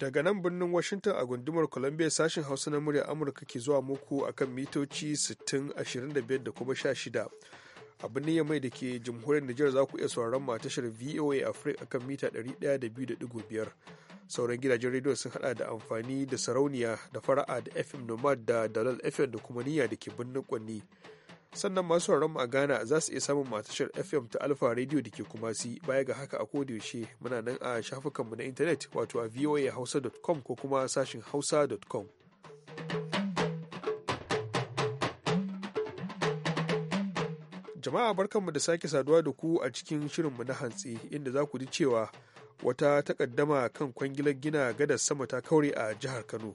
daga nan birnin washington a gundumar columbia sashen hausa na murya amurka ke zuwa muku akan mitoci 6025 da kuma 16 a birnin yamai da ke jamhuriyar nijar za ku iya sauraron ma tashar voa africa akan mita 102.5 sauran gidajen rediyo sun hada da amfani da sarauniya da fara'a da fm nomad da dalal fm da kuma niyya da ke birnin kwanni sannan masu mu a Ghana za su iya samun matashar FM ta Alfa Radio da ke kuma si baya ga haka a yaushe muna nan a shafukanmu na intanet wato a voahausa.com ko kuma sashin hausa.com. Jama'a barkanmu da sake saduwa da ku a cikin shirin mu na hantsi inda za ku ji cewa wata takaddama kan kwangilar gina gadar sama ta kaure a jihar Kano.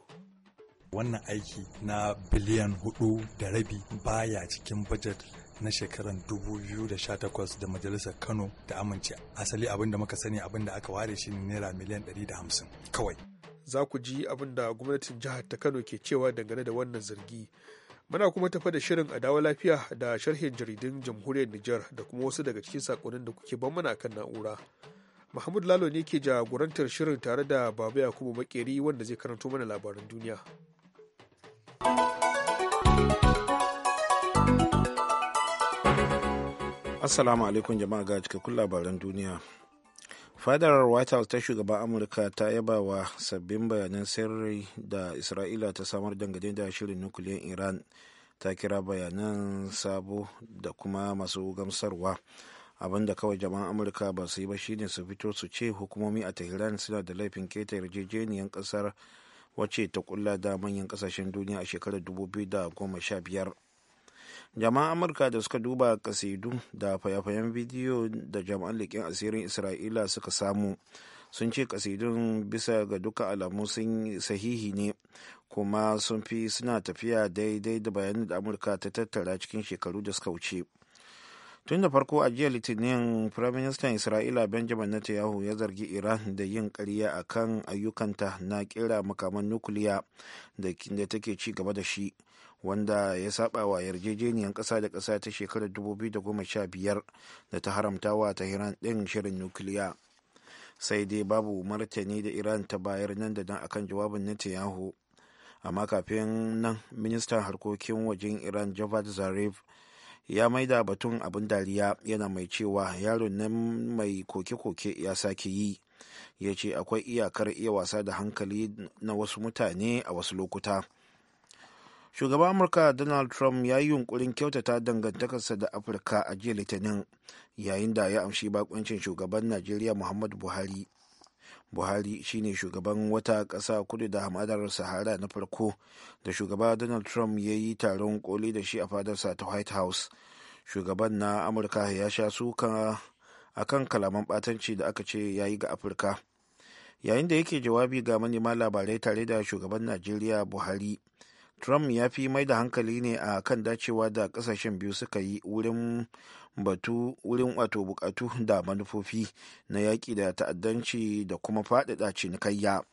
wannan aiki na biliyan hudu da rabi baya cikin budget na shekarar 2018 da majalisar kano da amince asali abinda muka sani abinda aka ware shi naira miliyan 150 kawai za ku ji abin da gwamnatin jihar ta kano ke cewa dangane da wannan zargi muna kuma tafa da shirin a dawo lafiya da sharhin jaridun jamhuriyar nijar da kuma wasu daga cikin sakonnin da kuke ban mana kan na'ura Mahmud Lalo ne ke jagorantar shirin tare da babu Yakubu Makeri wanda zai karanto mana labaran duniya. Assalamu alaikum jama'a ga cikakkun labaran duniya. Fadar White House ta shugaban Amurka ta yaba wa sabbin bayanan sirri da Isra'ila ta samar dangane da shirin nukiliyar Iran ta kira bayanan sabo da kuma masu gamsarwa. abinda kawai jama'an Amurka ba su yi ba shine su fito su ce hukumomi a Tehran suna da laifin keta yarjejeniyar kasar wacce ta kulla da manyan kasashen duniya a shekarar 2015 jama'an amurka da suka duba kasidu da fayafayen bidiyo da jama'an leƙen asirin isra'ila suka samu sun ce kasidun bisa ga duka alamu sun sahihi ne kuma sun fi suna tafiya daidai da bayanin da amurka ta tattara cikin shekaru da suka wuce tun da farko a jiya litinin firaministan isra'ila benjamin netanyahu ya zargi iran da yin karya a kan ayyukanta na kera makaman nukiliya da take ci gaba da shi wanda ya saba wa yarjejeniyar ƙasa da ƙasa ta shekarar 2015 da ta haramta wa tehran ɗin shirin nukiliya sai dai babu martani da iran ta bayar nan da nan akan jawabin netanyahu amma kafin nan ministan harkokin wajen iran javad zarif ya maida batun abin dariya yana mai cewa yaron nan mai koke-koke ya sake yi ya ce akwai iyakar iya wasa da hankali na wasu mutane a wasu lokuta shugaban amurka donald trump ya yi yunkurin kyautata dangantakarsa da afirka a jiya litinin yayin da ya amshi bakuncin shugaban najeriya muhammadu buhari buhari shine shugaban wata ƙasa kudu da hamadar sahara na farko da shugaba donald trump ya yi taron koli da shi a fadarsa ta white house shugaban na amurka ya sha suka a kan kalaman ɓatanci da aka ce ya yi ga afirka yayin da yake jawabi ga manema labarai tare da shugaban najeriya buhari trump ya fi mai da hankali ne a kan dacewa da kasashen biyu suka yi wurin batu wurin wato bukatu da manufofi na yaƙi da ta'addanci da kuma faɗaɗa cinikayya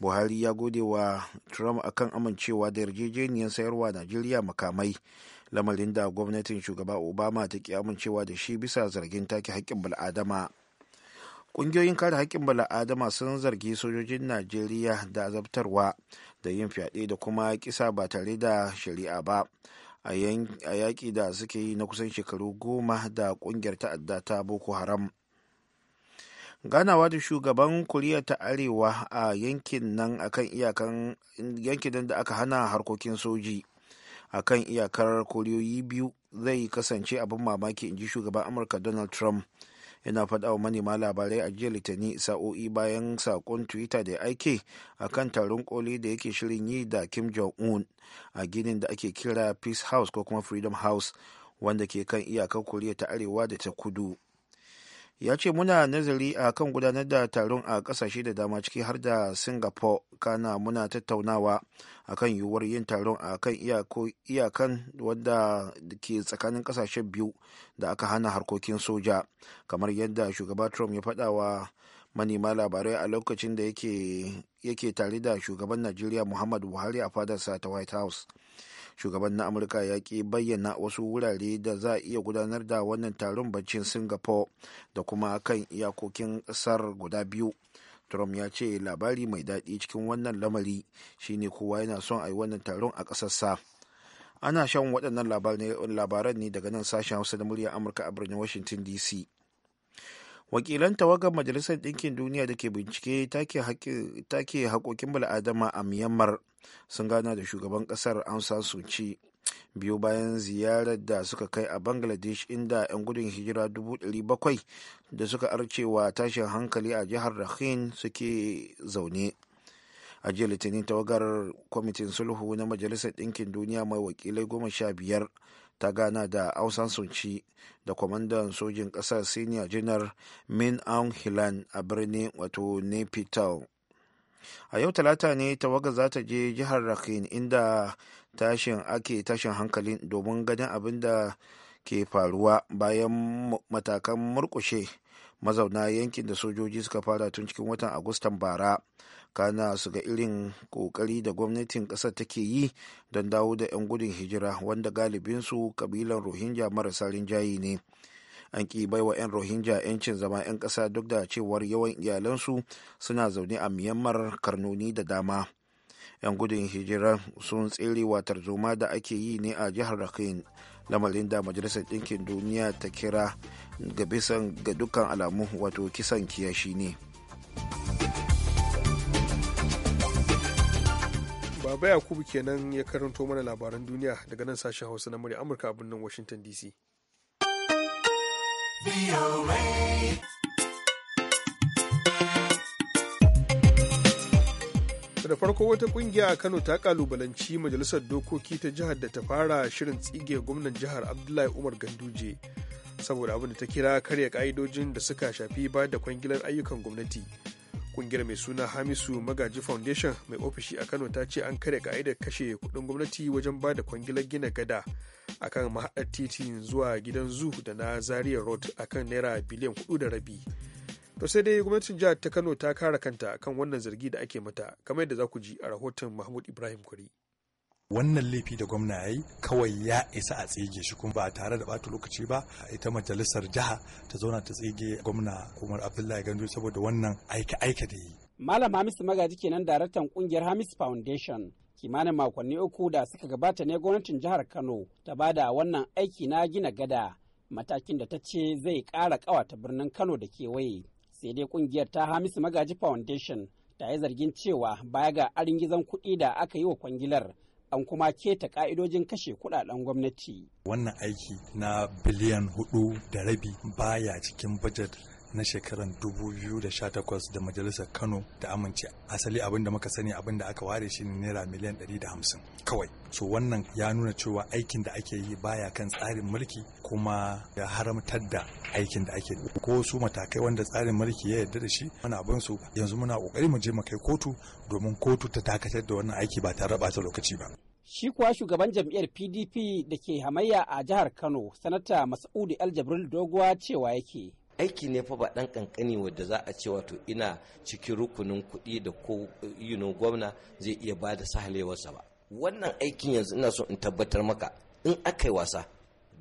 buhari ya gode wa trump akan amincewa da yarjejeniyar sayarwa najeriya makamai lamarin da gwamnatin shugaba obama ta ki amincewa da shi bisa zargin take haƙƙin bil'adama ƙungiyoyin kare haƙƙin bala'adama sun zargi sojojin najeriya da azabtarwa da yin fyaɗe da kuma kisa ba tare da shari'a ba a yaƙi da suke yi na kusan shekaru goma da ƙungiyar ta'adda ta boko haram ganawa da shugaban kuriya ta arewa a yankin nan akan iyakan yankin da aka hana harkokin soji akan iyakar koriyoyi biyu zai kasance abin mamaki in ji shugaban amurka donald trump yana faɗa wa manema labarai a jiya litani sa'o'i bayan saƙon twitter da ya aike a kan taron koli da yake shirin yi da kim jong-un a ginin da ake kira peace house ko kuma freedom house wanda ke kan iyakar koriya ta arewa da ta kudu ya ce muna nazari a kan gudanar da taron a kasashe da dama ciki har da singapore kana muna tattaunawa a kan yiwuwar yin taron a kan iyakan wadda ke tsakanin kasashen biyu da aka hana harkokin soja kamar yadda shugaba trump ya faɗa manema labarai a lokacin da yake tare da shugaban najeriya muhammadu buhari a fadarsa ta white house shugaban na amurka ya ki bayyana wasu wurare da za a iya gudanar da wannan taron baccin singapore da kuma kan iyakokin ƙasar guda biyu trump ya ce labari mai daɗi cikin wannan lamari shine kowa yana son a yi wannan taron a ƙasarsa ana shan waɗannan labaran ne daga nan sashen hausa da murya amurka a birnin washington dc wakilan tawagar majalisar ɗinkin duniya da ke bincike take haƙoƙin bala'adama a myanmar sun gana da shugaban ƙasar an san suci biyu bayan ziyarar da suka kai a bangladesh inda 'yan gudun hijira 700,000 da suka arcewa tashin hankali a jihar rakhine suke zaune a jiya litinin tawagar kwamitin sulhu na majalisar ɗinkin duniya mai wakilai goma sha biyar ta gana da ausan sunci da kwamandan sojin ƙasar senior janar min aung hilan a birnin wato naypyidaw a yau talata ne tawaga za ta je jihar rakhine inda tashin ake tashin hankalin domin ganin abin da ke faruwa bayan matakan murkushe mazauna yankin da sojoji suka fara tun cikin watan agustan bara kana su ga irin kokari da gwamnatin kasar take yi don dawo da 'yan gudun hijira wanda galibinsu kabilan rohingya marasa rinjaye ne an ki baiwa 'yan rohingya 'yancin zama 'yan ƙasa duk da cewar yawan iyalansu suna zaune a myanmar karnoni da dama 'yan gudun hijira sun tsere wa tarzoma da ake yi ne a jihar rakhine lamarin da majalisar ɗinkin duniya ta kira ga bisan ga dukkan alamu wato kisan kiyashi ne. Baba Yakubu kenan ya karanto mana labaran duniya daga nan sashen Hausa na murya Amurka a birnin Washington DC. da farko wata kungiya a kano ta kalubalanci majalisar dokoki ta jihar da ta fara shirin tsige gwamnan jihar abdullahi umar ganduje saboda abin da ta kira karya ka'idojin da suka shafi ba da kwangilar ayyukan gwamnati kungiyar mai suna hamisu magaji foundation mai ofishi a kano ta ce an kare ka'idar kashe kudin gwamnati wajen ba da kwangilar gina gada akan mahaɗar titin zuwa gidan zu da na zaria road akan naira biliyan hudu da rabi to sai dai gwamnatin jihar ta kano ta kare kanta kan wannan zargi da ake mata kamar yadda za ku ji a rahoton mahmud ibrahim kwari wannan laifi da gwamna ya yi kawai ya isa a tsige shi kuma ba tare da bata lokaci ba ita majalisar jiha ta zauna ta tsige gwamna umar abdullahi gandu saboda wannan aika aika da yi malam hamis magaji kenan daraktan kungiyar hamis foundation kimanin makonni uku da suka gabata ne gwamnatin jihar kano ta bada wannan aiki na gina gada matakin da ta ce zai kara kawata birnin kano da kewaye sai dai kungiyar ta hamisu magaji foundation ta yi zargin cewa baya ga arin aringizan kuɗi da aka yi wa kwangilar an kuma keta ka'idojin kashe kudaden gwamnati. Wannan aiki na biliyan hudu da rabi baya cikin bajet na shekarar 2018 da majalisar kano ta amince asali abinda muka sani abinda aka ware shi ne naira miliyan 150 kawai so wannan ya nuna cewa aikin da ake yi baya kan tsarin mulki kuma ya haramtar da aikin da ake ko su matakai wanda tsarin mulki ya yarda da shi mana abin su yanzu muna kokari mu je mu kai kotu domin kotu ta dakatar da wannan aiki ba tare bata lokaci ba shi kuwa shugaban jam'iyyar pdp da ke hamayya a jihar kano sanata mas'udu el doguwa cewa yake aiki ne fa ba dan kankani wadda za a ce wato ina cikin rukunin kuɗi da ko you know, gwamna zai iya ba da sahalewarsa ba wannan aikin yanzu ina so in tabbatar maka in aka yi wasa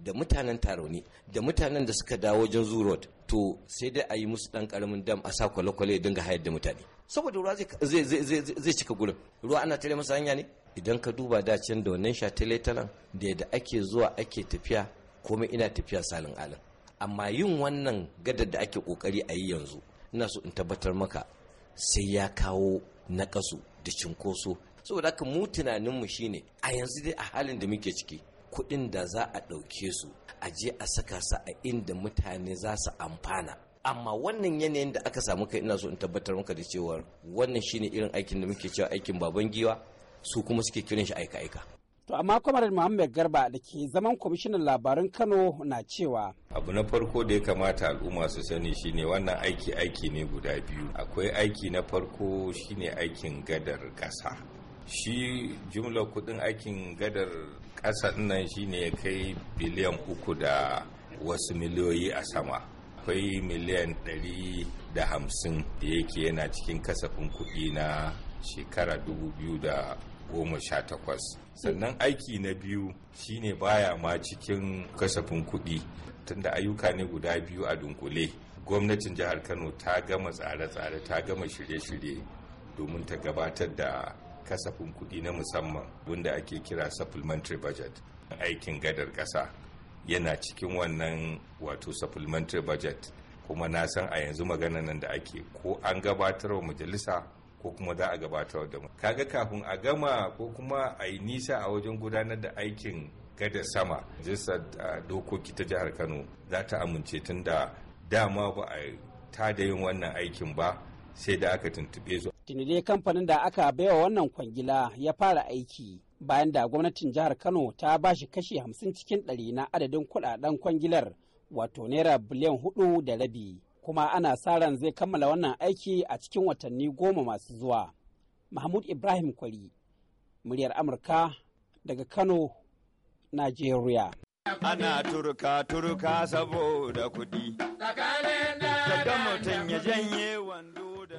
da mutanen taroni da mutanen da suka dawo wajen zoo road to sai dai a yi musu dan karamin dam a sa kwale-kwale ya dinga hayar da mutane saboda ruwa zai cika gurin ruwa ana tare masa hanya ne idan ka duba da can da wannan shataletalen da yadda ake zuwa ake tafiya komai ina tafiya salin alin amma yin wannan gadar da ake kokari a yi yanzu ina so in tabbatar maka sai ya kawo nakasu da cinkoso saboda haka mu tunaninmu shine a yanzu dai a halin da muke ciki kuɗin da za a ɗauke su a je a saka su a inda mutane za su amfana amma wannan yanayin da aka samu kai ina so in tabbatar maka da cewa wannan shine irin aikin da muke cewa aikin baban giwa su kuma suke kiran shi aika-aika To amma kwamarar Muhammad Garba da ke zaman kwamishinan labarun Kano na cewa. Abu na farko da ya kamata al'umma su sani shine wannan aiki aiki ne guda biyu. Akwai aiki na farko shine aikin gadar ƙasa. Shi jumlar kudin aikin gadar ƙasa nan shine ya kai biliyan uku da wasu miliyoyi a sama. Akwai miliyan ɗari da hamsin da yake yana cikin kasafin kuɗi na shekara dubu biyu da goma sha takwas sannan aiki na biyu shine baya ma cikin kasafin kuɗi tunda ayyuka ne guda biyu a dunkule gwamnatin jihar kano ta gama tsare-tsare ta gama shirye-shirye domin ta gabatar da kasafin kuɗi na musamman wanda ake kira supplementary budget aikin gadar ƙasa yana cikin wannan wato supplementary budget kuma na san a yanzu magana nan da ake ko an gabatar wa majalisa ko kuma za a gabatar da mu kaga kafin a gama ko kuma a yi nisa a wajen gudanar da aikin gada sama jisar dokoki ta jihar kano za ta amince tun da dama ba a ta da yin wannan aikin ba sai da aka tuntuɓe su dai kamfanin da aka baiwa wannan kwangila ya fara aiki bayan da gwamnatin jihar kano ta ba shi kashi hamsin cikin ɗari na adadin kuɗaɗen kwangilar wato naira biliyan hudu da rabi kuma ana sa ran zai kammala wannan aiki a cikin watanni goma masu zuwa. Mahmud Ibrahim Kwari, muryar Amurka daga Kano, Najeriya. Ana turka turka saboda kuɗi.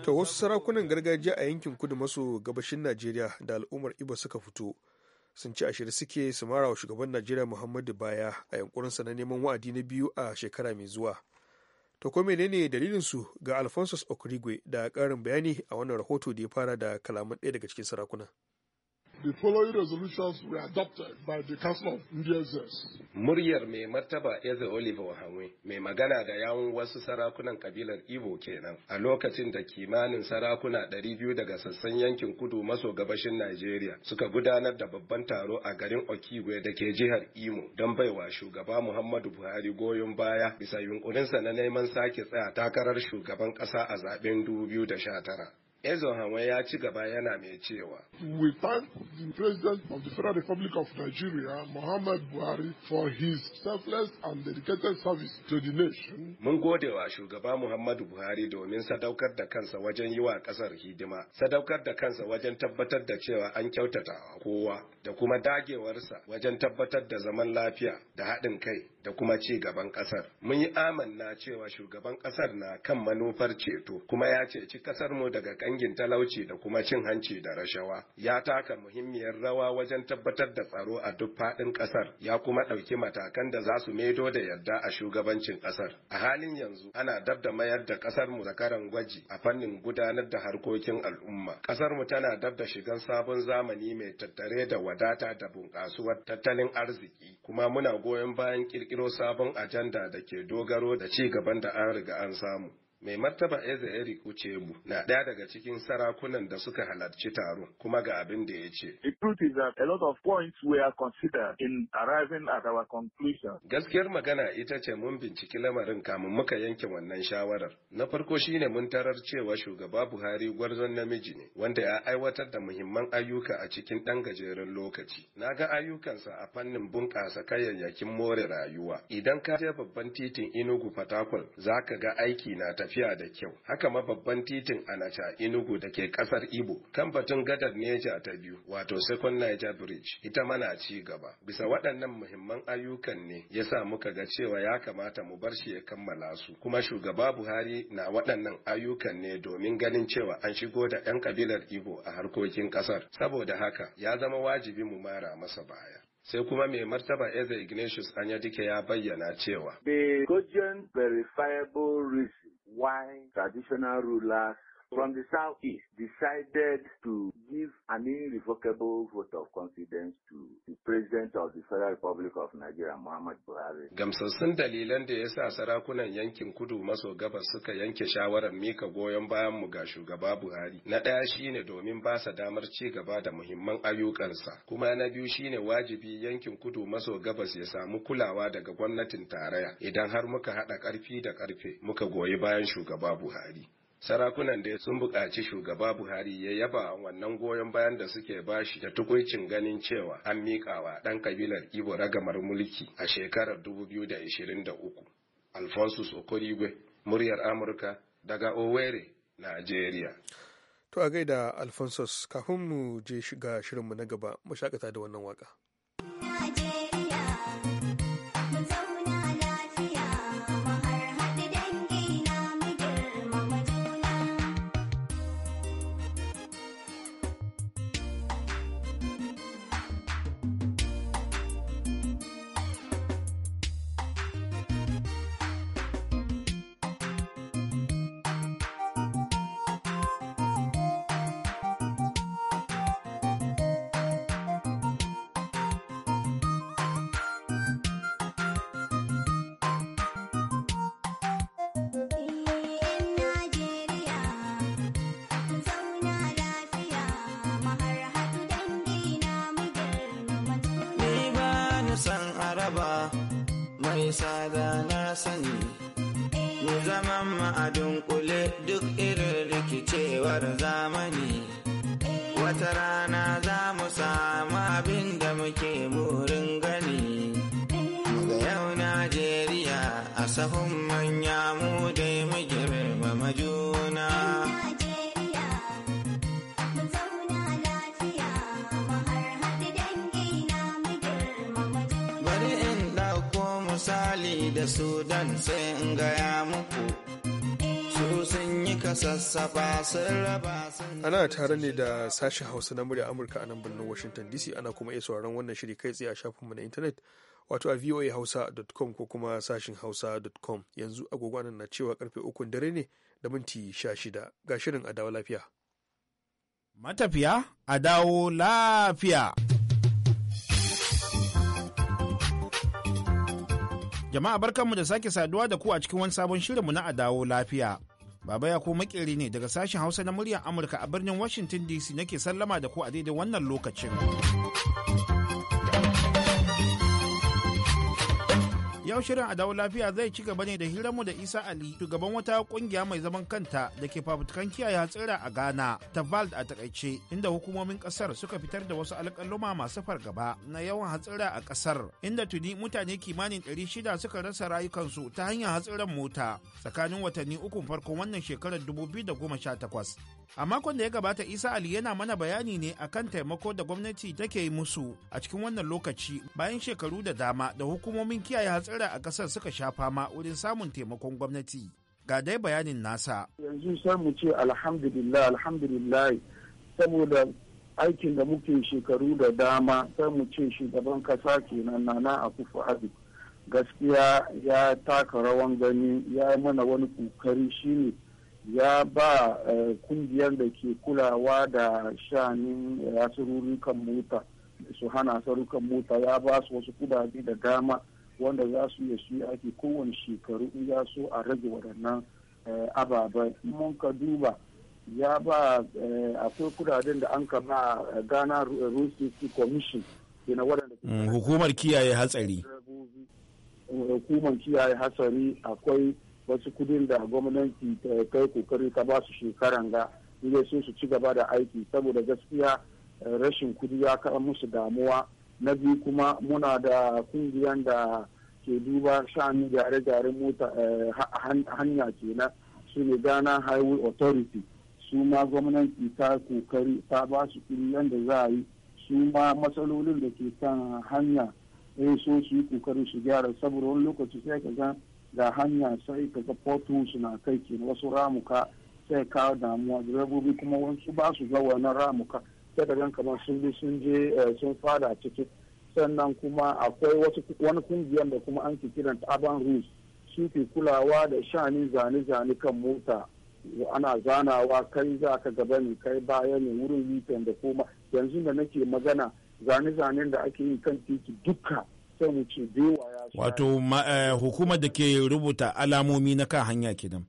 To wasu sarakunan gargajiya a yankin kudu maso gabashin Najeriya da al'ummar ibo suka fito. sun ci ashirin suke su mara shugaban najeriya muhammadu baya a yankurinsa na neman wa'adi na biyu a shekara mai zuwa to ko menene dalilin su ga alphonsus okrigwe da karin bayani a wannan rahoto da ya fara da kalaman ɗaya daga cikin sarakuna The following resolutions were adopted by the Council of Muryar mai martaba Eze Oliver Wahanwe mai magana da yawun wasu sarakunan kabilar Ibo kenan a lokacin da kimanin sarakuna 200 daga sassan yankin kudu maso gabashin Najeriya suka gudanar da babban taro a garin Okigwe da ke jihar Imo don baiwa shugaba Muhammadu Buhari goyon baya bisa yunkurinsa na neman sake tsaya takarar shugaban ƙasa a zaben 2019. Ezo hawa ya ci gaba yana mai cewa. We thank the President of the Federal Republic of Nigeria, Muhammad Buhari, for his selfless and dedicated service to the nation. Mun gode wa shugaba Muhammadu Buhari domin sadaukar da kansa wajen yi wa ƙasar hidima, sadaukar da kansa wajen tabbatar da cewa an kyautata kowa, da kuma dagewarsa wajen tabbatar da zaman lafiya da haɗin kai da kuma ci gaban kasar. Mun yi amanna cewa shugaban kasar na kan manufar ceto kuma ya ceci kasar mu daga kangin talauci da kuma cin hanci da rashawa. Ya taka muhimmiyar rawa wajen tabbatar da tsaro a duk faɗin kasar ya kuma ɗauki matakan da za su maido da yarda a shugabancin kasar. A halin yanzu ana dab da mayar da kasar mu zakaran gwaji a fannin gudanar da harkokin al'umma. Kasar mu tana dab da shigan sabon zamani mai tattare da wadata da bunƙasuwar tattalin arziki kuma muna goyon bayan kirki kirkiro sabon ajanda da ke dogaro da ci gaban da an riga an samu mai martaba eze Eri cebu na ɗaya daga cikin sarakunan da suka halarci taron kuma ga abin da ya ce the truth is that a lot of points were considered in arriving at our conclusion gaskiyar magana ita ce mun binciki lamarin kamun muka yanke wannan shawarar na farko shine mun tarar cewa shugaba buhari gwarzon namiji ne wanda ya aiwatar da muhimman ayyuka a cikin ɗan gajeren lokaci na ga ayyukansa a fannin bunƙasa kayayyakin more rayuwa idan ka je babban titin inugu fatakul za ka ga aiki na tafi tafiya da kyau haka ma babban titin Anacha inugu da ke kasar Igbo kan batun gadar Neja ta biyu wato Second Niger Bridge ita mana ci gaba bisa waɗannan muhimman ayyukan ne ya sa muka ga cewa ya kamata mu bar shi ya kammala su kuma shugaba Buhari na waɗannan ayyukan ne domin ganin cewa an shigo da 'yan kabilar ibo a harkokin kasar saboda haka ya zama wajibi mu mara masa baya sai kuma mai martaba Eze Ignatius Anyadike ya bayyana cewa. The verifiable risk why traditional rulers from the southeast decided to give an irrevocable vote of confidence to the President of the Federal Republic of Nigeria, Muhammad Buhari. Gamsassun dalilan da ya sa sarakunan yankin kudu maso gabas suka yanke shawarar mika goyon bayan mu ga shugaba Buhari. Na ɗaya shine domin ba sa damar ci gaba da muhimman ayyukansa, kuma na biyu shine wajibi yankin kudu maso gabas ya samu kulawa daga gwamnatin tarayya idan har muka haɗa ƙarfi da ƙarfe muka goyi bayan shugaba Buhari. sarakunan da sun buƙaci shugaba buhari ya yaba wannan goyon bayan da suke bashi da tukuncin ganin cewa an miƙawa ɗan kabilar ibo ragamar mulki a shekarar 2023 alphonsus okorigwe muryar amurka daga owerri Najeriya. to a gaida alphonsus kafin mu je shiga shirinmu na gaba mu shakata da wannan waka. nisa da na sani mu zaman ma'adin kule duk irin rikicewar zamani wata rana za mu samu abin da muke burin gani ga yau najeriya a sahun da sudan sai in gaya muku Ana tare ne da sashen Hausa na murya Amurka a nan birnin Washington DC ana kuma iya sauraron wannan shiri kai tsaye a shafinmu na intanet wato a voahausa.com ko kuma sashin hausa.com yanzu agogo nan na cewa karfe ukun dare ne da minti sha shida ga shirin a dawo lafiya. Matafiya a dawo lafiya. Jama'a barkanmu da sake saduwa da ku a cikin wani sabon shirinmu na Adawo Lafiya. Baba ya ku makeri ne daga sashen Hausa na muryar Amurka a birnin Washington DC nake sallama da ku a daidai wannan lokacin. Yau shirin a dawo lafiya zai ci gaba ne da hiranmu da Isa Ali, shugaban wata kungiya mai zaman kanta da ke fafutukan kiyaye hatsira a Ghana, ta VALD a takaice, inda hukumomin kasar suka fitar da wasu alƙaluma masu fargaba na yawan hatsira a kasar, inda tuni mutane kimanin 600 suka rasa rayukansu ta hanyar hatsiran mota tsakanin watanni ukun farko wannan shekarar 2018. A makon da ya gabata Isa Ali yana mana bayani ne akan taimako da gwamnati take yi musu a cikin wannan lokaci bayan shekaru da dama da hukumomin kiyaye hatsara a kasar suka sha fama wurin samun taimakon gwamnati. Ga dai bayanin nasa. Yanzu sai mu ce alhamdulillah alhamdulillah saboda aikin da muke shekaru da dama sai mu ce shugaban kasa kenan nana a ado gaskiya ya taka rawan gani ya mana wani kokari shine ya ba eh, kungiyar da ke kulawa da shanin eh, kan mota su hana asirurrukan mota ya ba su wasu kudade da dama wanda za su yi shi ake kowane shekaru in ya so a rage waɗannan eh, ababen mun ka duba ya ba akwai kudaden da an kama ghana road commission yana waɗanda mm, hukumar kiyaye hatsari hukumar kiyaye hatsari akwai wasu kudin da gwamnati ta kai kokari ta ba su shekaran ga ne sun su ci gaba da aiki saboda gaskiya eh, rashin kudi ya kawo musu damuwa na biyu kuma muna da kungiyar da ke duba shanu gyare-gyaren mota eh, hanya na su ne ghana highway authority su ma gwamnati ta kokari ta ba su kudi yadda za a yi su ma matsalolin da ke kan hanya ya eh, so su yi kokari su gyara saboda wani lokaci sai ka ga da hanya sai ka ga potu na kai ke wasu ramuka sai ka damuwa direbobi kuma wasu ba su ga wannan ramuka sai ka ganka kamar sun bi sun je eh, sun fada ciki sannan kuma akwai wasu wani kungiyar da kuma an kiran taban rus su ke kulawa da shani zane-zane kan mota ana zanawa kai za ka gaba ne kai baya ne wurin weekend da koma yanzu da nake magana zane-zanen da ake yi kan titi duka sai mu ce bewa ya sha wato eh, hukumar da ke rubuta alamomi na kan hanya kenan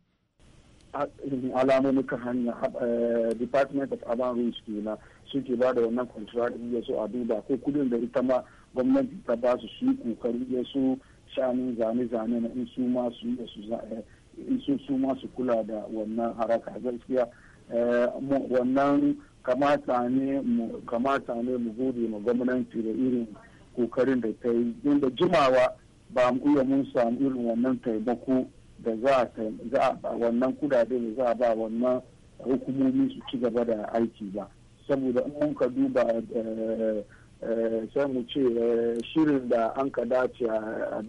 alamomi kan hanya eh, department of urban rules kenan suke ba da wannan contract ya so a duba ko kudin da ita ma gwamnati ta ba su su kokari ya so shanin zane-zane na in su ma su yi su eh, su ma kula da wannan haraka gaskiya wannan kamata ne mu gode ma gwamnati da irin kokarin da ta yi inda jimawa ba mu iya mun samu irin wannan taimako da za a ba wannan kudade da za a ba wannan hukumomi su ci gaba da aiki ba saboda in mun ka duba eh, eh, sai mu ce eh, shirin da an ka dace a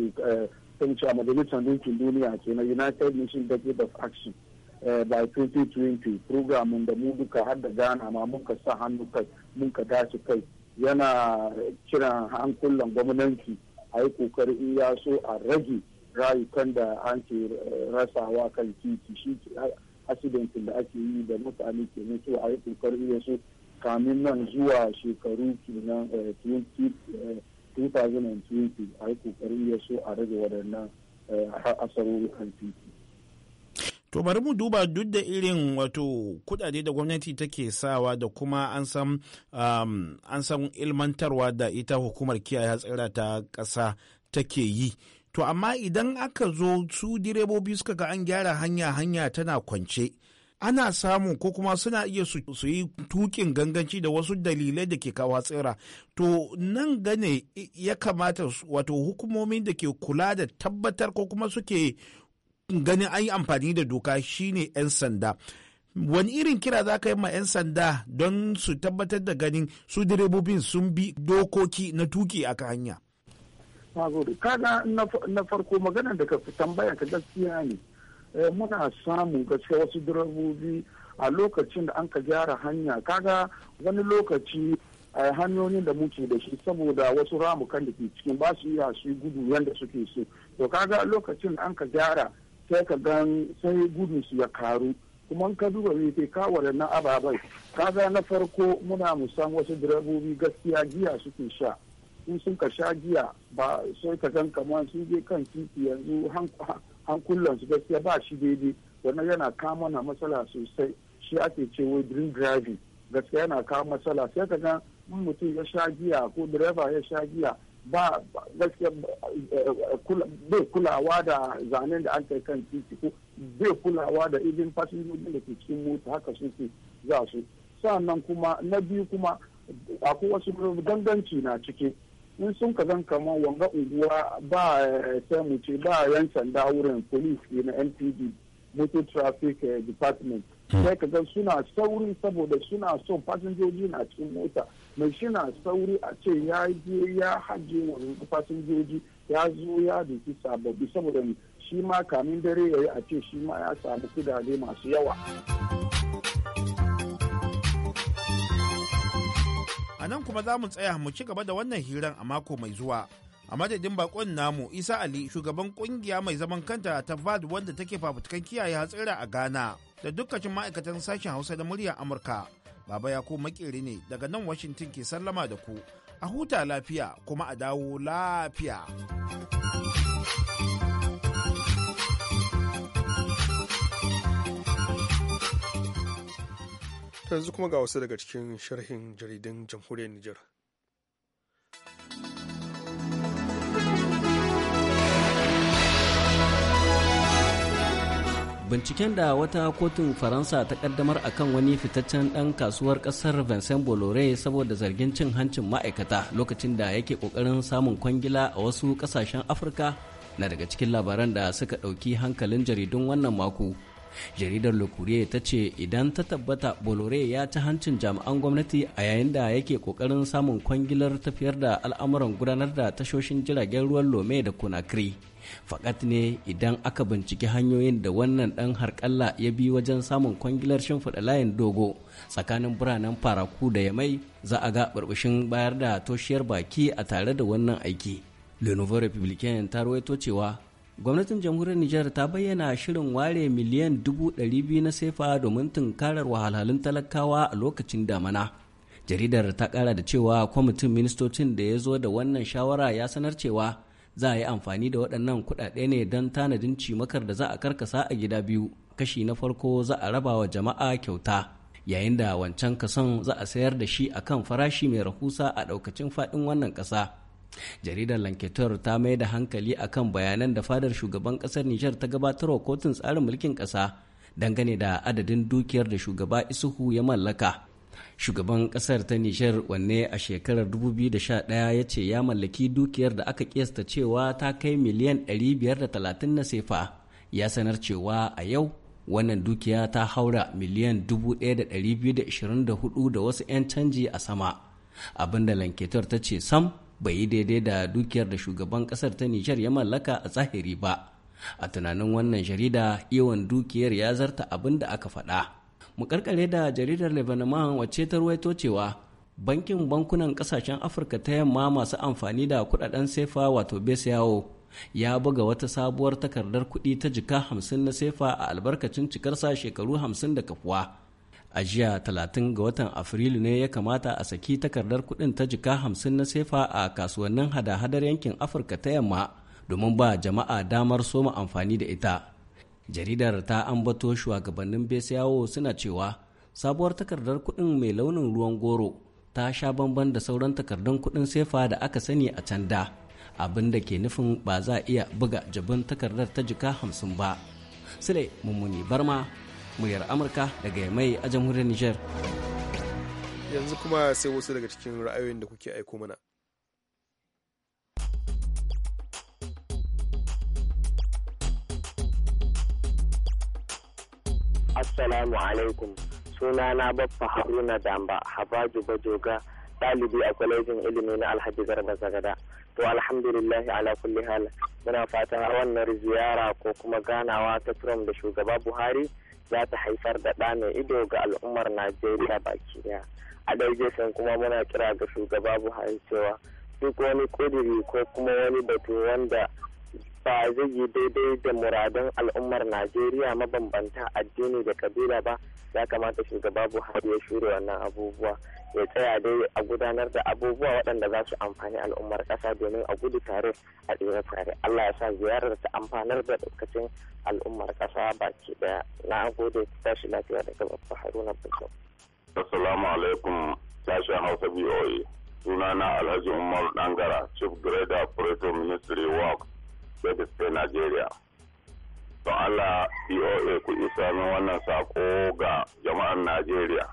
majalisar dinkin duniya ke na united nations decade of action by 2020 program da mu duka har da gana ma muka sa hannu kai mun ka dace kai yana kiran hankulan gwamnati a yi kokari in ya so a rage rayukan da an ke eh, rasawa kan titi shi accident da ake yi da mutane ke mutu a yi kokari in ya so kamin nan zuwa shekaru kinan 2020 eh, eh, a yi kokari in ya so a rage waɗannan asarori kan titi To bari mu duba duk da irin wato kudade da gwamnati take sawa da kuma an san um, an ilmantarwa da ita hukumar kiyaye hatsira ta ƙasa take yi. To amma idan aka zo su direbobi suka ga an gyara hanya hanya tana kwance. ana samu ko kuma suna iya su yi tukin ganganci da wasu dalilai da ke kawo tsira to nan gane ya kamata wato hukumomin da ke kula da tabbatar ko kuma suke ganin an yi amfani da doka shine 'yan sanda wani irin kira za ka yi ma 'yan sanda don su tabbatar da ganin su direbobin sun bi dokoki na tuki a hanya kaga na farko magana da ka tambaya ka gaskiya ne eh, muna samun gaskiya wasu direbobi a lokacin da an ka gyara hanya kaga wani lokaci eh, hanyoyin da muke da shi saboda wasu ramukan da ke cikin ba su iya su gudu yadda suke so to kaga lokacin da an ka gyara sai ka gan sai gudun su ya karu kuma ka duba me ke kawo na ababai kaga na farko muna musan wasu direbobi gaskiya giya suke sha in sun ka sha giya ba sai ka gan kamar sun je kan titi yanzu hankulan su gaskiya ba shi daidai wannan yana kama na matsala sosai shi ake ce wai drink driving gaskiya yana kawo matsala sai ka gan mutum ya sha giya ko direba ya sha giya ba gaske eh, bai kulawa da zanen da an kai kan titi ko bai kulawa da idin fasinjojin da ke cikin mota haka sun ce za su sannan kuma na biyu kuma akwai wasu ganganci na ciki in sun ka zan kamar wanga unguwa ba eh, sai mu ce ba yan sanda wurin police ke na npd motor traffic eh, department hmm. sai ka ga suna sauri saboda suna son fasinjoji na cikin mota mai shina sauri a ce ya je ya haje wa fasinjoji ya zo ya doki sababbi saboda shi ma kamin dare ya yi a ce shi ma ya samu kudade masu yawa. A nan kuma za mu tsaya mu ci gaba da wannan hiran a mako mai zuwa. A madadin bakon namu Isa Ali shugaban kungiya mai zaman kanta ta VAD wanda take fafutukan kiyaye hatsira a Ghana da dukkanin ma'aikatan sashen Hausa da muryar Amurka. Baba Yakubu makeri ne daga nan Washington ke sallama da ku. A huta lafiya kuma a dawo lafiya. yanzu kuma ga wasu daga cikin sharhin jaridin jamhuriyar Nijar. binciken da wata kotun faransa ta kaddamar kan wani fitaccen ɗan kasuwar ƙasar vincent bolore saboda zargin cin hancin ma'aikata lokacin da yake ƙoƙarin samun kwangila a wasu ƙasashen afirka na daga cikin labaran da suka ɗauki hankalin jaridun wannan mako jaridar le ta ce idan ta tabbata bolore ya ci hancin jami'an gwamnati a yayin da yake kokarin samun kwangilar tafiyar da al'amuran gudanar da tashoshin jiragen ruwan lome da conakry fakat ne idan aka binciki hanyoyin da wannan dan harkalla ya bi wajen samun kwangilar shimfiɗa layin dogo tsakanin biranen faraku da yamai za a ga burbushin bayar da toshiyar baki a tare da wannan aiki le nouveau ta rawaito cewa gwamnatin jamhuriyar nijar ta bayyana shirin ware miliyan dubu ɗari biyu na sefa domin tunkarar wahalhalun talakawa a lokacin damana jaridar ta kara da cewa kwamitin ministocin da ya zo da wannan shawara ya sanar cewa za a yi amfani da waɗannan kuɗaɗe ne don tanadin cimakar da za a karkasa a gida biyu kashi na farko za a raba wa jama'a kyauta yayin da wancan kason za a sayar da shi akan farashi mai rahusa a ɗaukacin faɗin wannan ƙasa jaridar lanketor ta mai da hankali akan bayanan da fadar shugaban kasar nijar ta gabatarwa kotun tsarin mulkin kasa dangane da adadin dukiyar da shugaba isuhu ya mallaka shugaban kasar ta nijar wanne a shekarar 2011 ya ce ya mallaki dukiyar da aka kiyasta cewa ta kai miliyan 530 na sefa ya sanar cewa a yau wannan dukiya ta haura miliyan 1224 da wasu 'yan canji a sama abinda lanketor ta ce sam bai yi daidai da dukiyar da shugaban kasar ta nijar ya mallaka a zahiri ba a tunanin wannan jarida iwon dukiyar ya zarta abin da aka faɗa mu karkare da jaridar lebanon wacce ta ruwaito cewa bankin bankunan kasashen afirka ta yamma masu amfani da kudaden sefa wato Besiyawo, ya buga wata sabuwar takardar kuɗi ta jika hamsin na sefa a albarkacin cikarsa shekaru hamsin da kafuwa a jiya 30 ga watan afrilu ne ya kamata a saki takardar kuɗin ta jika hamsin na sefa a kasuwannin hada-hadar yankin afirka ta yamma domin ba jama'a damar soma amfani da ita jaridar ta ambato shugabannin besiyawo suna cewa sabuwar takardar kuɗin mai launin ruwan goro ta sha bamban da sauran takardun kuɗin sefa da aka sani a can da abin da ke nufin ba za a iya buga jabin takardar ta jika hamsin ba sule mummuni barma muryar amurka daga mai a jamhuriyar niger yanzu kuma sai wasu daga cikin ra'ayoyin da kuke aiko mana assalamu alaikum suna na baffa haruna damba habaju bajoga dalibi a kwalejin ilimi na alhaji garba zagada to alhamdulillahi ala kulli hal muna fatan wannan ziyara ko kuma ganawa ta trump da shugaba buhari za ta haifar da ɗa mai ido ga al'ummar najeriya baki daya a san kuma muna kira ga shugaba buhari cewa duk wani ƙudiri ko kuma wani batu wanda ba zai yi daidai da muradun al'ummar najeriya mabambanta addini da kabila ba ya kamata shugaba buhari ya shirya wannan abubuwa ya tsaya dai a gudanar da abubuwa waɗanda za su amfani al'ummar ƙasa domin a gudu tare a tsira tare allah ya sa ziyarar ta amfanar da ɗaukacin al'ummar ƙasa baki ɗaya na gode tashi lafiya daga babba haruna bukum assalamu alaikum sashen hausa voa sunana alhaji umar dangara chief grader operator ministry works Yobe State Nigeria. To Allah POA ku isa min wannan saƙo ga jama'an Najeriya,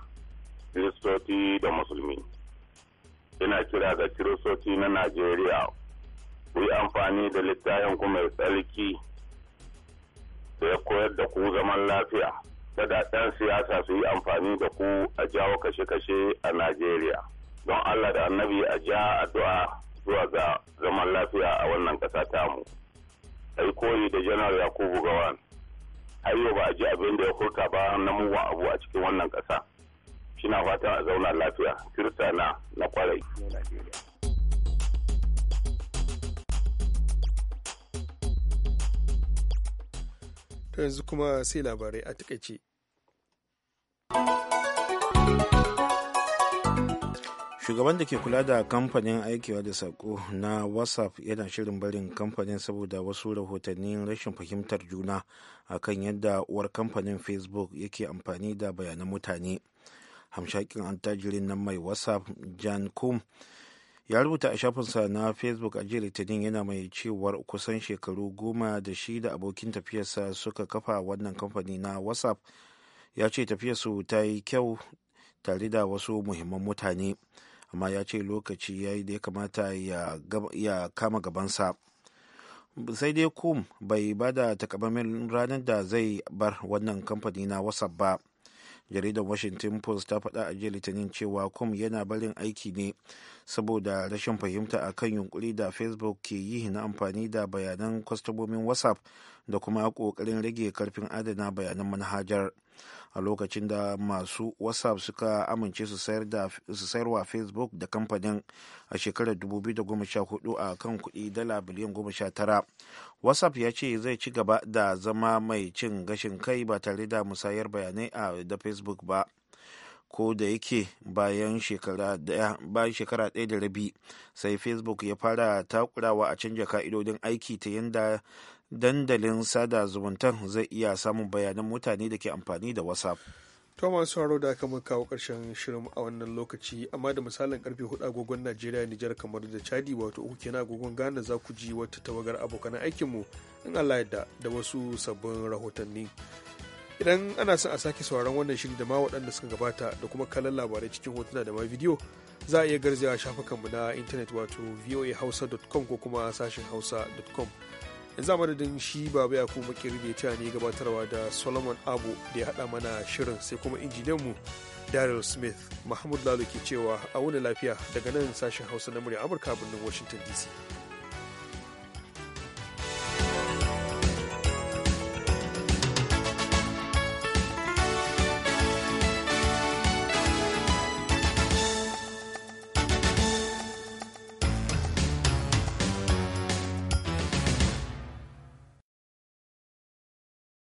Kiristoci da Musulmi. Ina kira ga Kiristoci na Najeriya, ku yi amfani da littafin ku mai tsarki da ya koyar da ku zaman lafiya. Kada ɗan siyasa su yi amfani da ku a jawo kashe-kashe a Najeriya. Don Allah da annabi a ja addu'a zuwa ga zaman lafiya a wannan ƙasa tamu. a da janar yakubu gawan har yau ba a ji abin da ya furta ba na muwa abu a cikin wannan ƙasa shina fata a zauna lafiya kirta na na kwarai yanzu kuma sai labarai a takaice shugaban da ke kula da kamfanin aikewa da sako na whatsapp yana shirin barin kamfanin saboda wasu rahotannin rashin fahimtar juna akan yadda uwar kamfanin facebook yake amfani da bayanan mutane hamshakin antajirin na mai whatsapp jan kum ya rubuta a shafinsa na facebook a jiya litinin yana mai cewar kusan shekaru goma da shi da abokin tafiyarsa suka kafa wannan kamfani na whatsapp ya ce tafiyarsu ta yi kyau tare da wasu muhimman mutane amma ya ce lokaci ya yi da ya kamata ya kama gabansa sai dai kum bai ba da takamaimin ranar da zai bar wannan kamfani na wasa ba jaridar washington post ta faɗa a jiya litinin cewa kum yana barin aiki ne saboda rashin fahimta a kan yunkuri da facebook ke yi na amfani da bayanan kwastomomin whatsapp da kuma ƙoƙarin rage karfin adana bayanan manhajar a lokacin da masu whatsapp suka amince su sayar wa facebook da kamfanin a shekarar 2014 a kan kuɗi dala biliyan 19 whatsapp ya ce zai ci gaba da zama mai cin gashin kai ba tare da musayar bayanai a da facebook ba ko da yake bayan shekara ɗaya da rabi sai facebook ya fara takurawa a canja ka'idodin aiki ta yadda dandalin sada zumuntar zai iya samun bayanan mutane da ke amfani da whatsapp Thomas Sauro da aka muka kawo karshen shirin a wannan lokaci amma da misalin karfe hudu agogon Najeriya Nijar kamar da Chadi wato uku kenan agogon Ghana za ku ji wata tawagar abokan aikinmu in Allah yadda da wasu sabbin rahotanni. Idan ana son a sake sauraron wannan shiri da ma waɗanda suka gabata da kuma kallon labarai cikin hotuna da ma bidiyo za a iya garzawa shafukanmu na intanet wato voahausa.com ko kuma sashen hausa.com. yanzu a da shi baba ya kuma kirbe ta ne gabatarwa da solomon abu da ya haɗa mana shirin sai kuma injiniyanmu daryl smith mahmud lalu ke cewa a wani lafiya daga nan sashen hausa na murya amurka birnin washington dc